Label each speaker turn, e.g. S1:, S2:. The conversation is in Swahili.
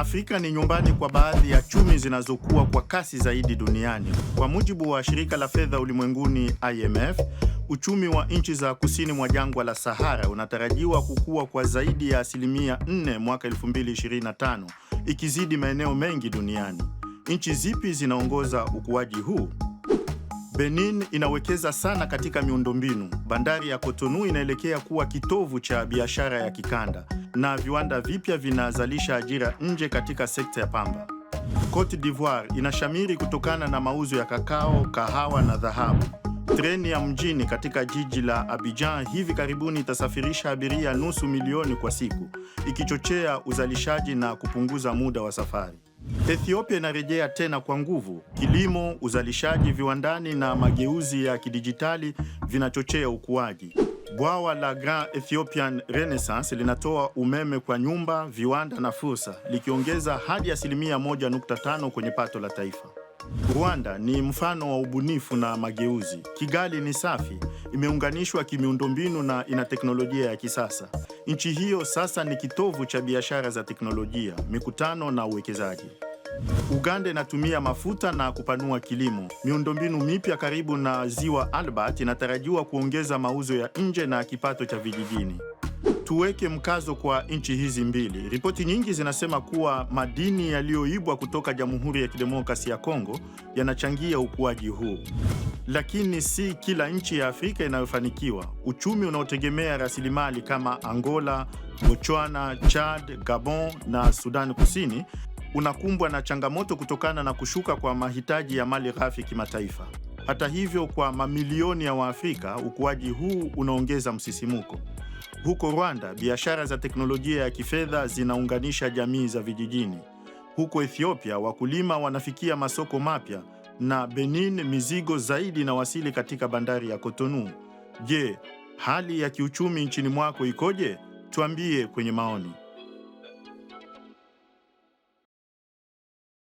S1: Afrika ni nyumbani kwa baadhi ya chumi zinazokuwa kwa kasi zaidi duniani. Kwa mujibu wa shirika la fedha ulimwenguni IMF, uchumi wa nchi za kusini mwa jangwa la Sahara unatarajiwa kukua kwa zaidi ya asilimia 4 mwaka 2025, ikizidi maeneo mengi duniani. Nchi zipi zinaongoza ukuaji huu? Benin inawekeza sana katika miundombinu. Bandari ya Cotonou inaelekea kuwa kitovu cha biashara ya kikanda na viwanda vipya vinazalisha ajira nje katika sekta ya pamba. Cote d'Ivoire inashamiri kutokana na mauzo ya kakao, kahawa na dhahabu. Treni ya mjini katika jiji la Abidjan hivi karibuni itasafirisha abiria nusu milioni kwa siku, ikichochea uzalishaji na kupunguza muda wa safari. Ethiopia inarejea tena kwa nguvu. Kilimo, uzalishaji viwandani na mageuzi ya kidijitali vinachochea ukuaji. Bwawa la Grand Ethiopian Renaissance linatoa umeme kwa nyumba, viwanda na fursa, likiongeza hadi asilimia 1.5 kwenye pato la taifa. Rwanda ni mfano wa ubunifu na mageuzi. Kigali ni safi, imeunganishwa kimiundombinu na ina teknolojia ya kisasa. Nchi hiyo sasa ni kitovu cha biashara za teknolojia, mikutano na uwekezaji. Uganda inatumia mafuta na kupanua kilimo. Miundombinu mipya karibu na Ziwa Albert inatarajiwa kuongeza mauzo ya nje na kipato cha vijijini. Tuweke mkazo kwa nchi hizi mbili. Ripoti nyingi zinasema kuwa madini yaliyoibwa kutoka Jamhuri ya Kidemokrasia ya Kongo yanachangia ukuaji huu lakini si kila nchi ya Afrika inayofanikiwa. Uchumi unaotegemea rasilimali kama Angola, Botswana, Chad, Gabon na Sudan Kusini unakumbwa na changamoto kutokana na kushuka kwa mahitaji ya mali ghafi kimataifa. Hata hivyo, kwa mamilioni ya Waafrika, ukuaji huu unaongeza msisimuko. Huko Rwanda, biashara za teknolojia ya kifedha zinaunganisha jamii za vijijini. Huko Ethiopia, wakulima wanafikia masoko mapya na Benin mizigo zaidi na wasili katika bandari ya Kotonou. Je, hali ya kiuchumi nchini mwako ikoje? Tuambie kwenye maoni.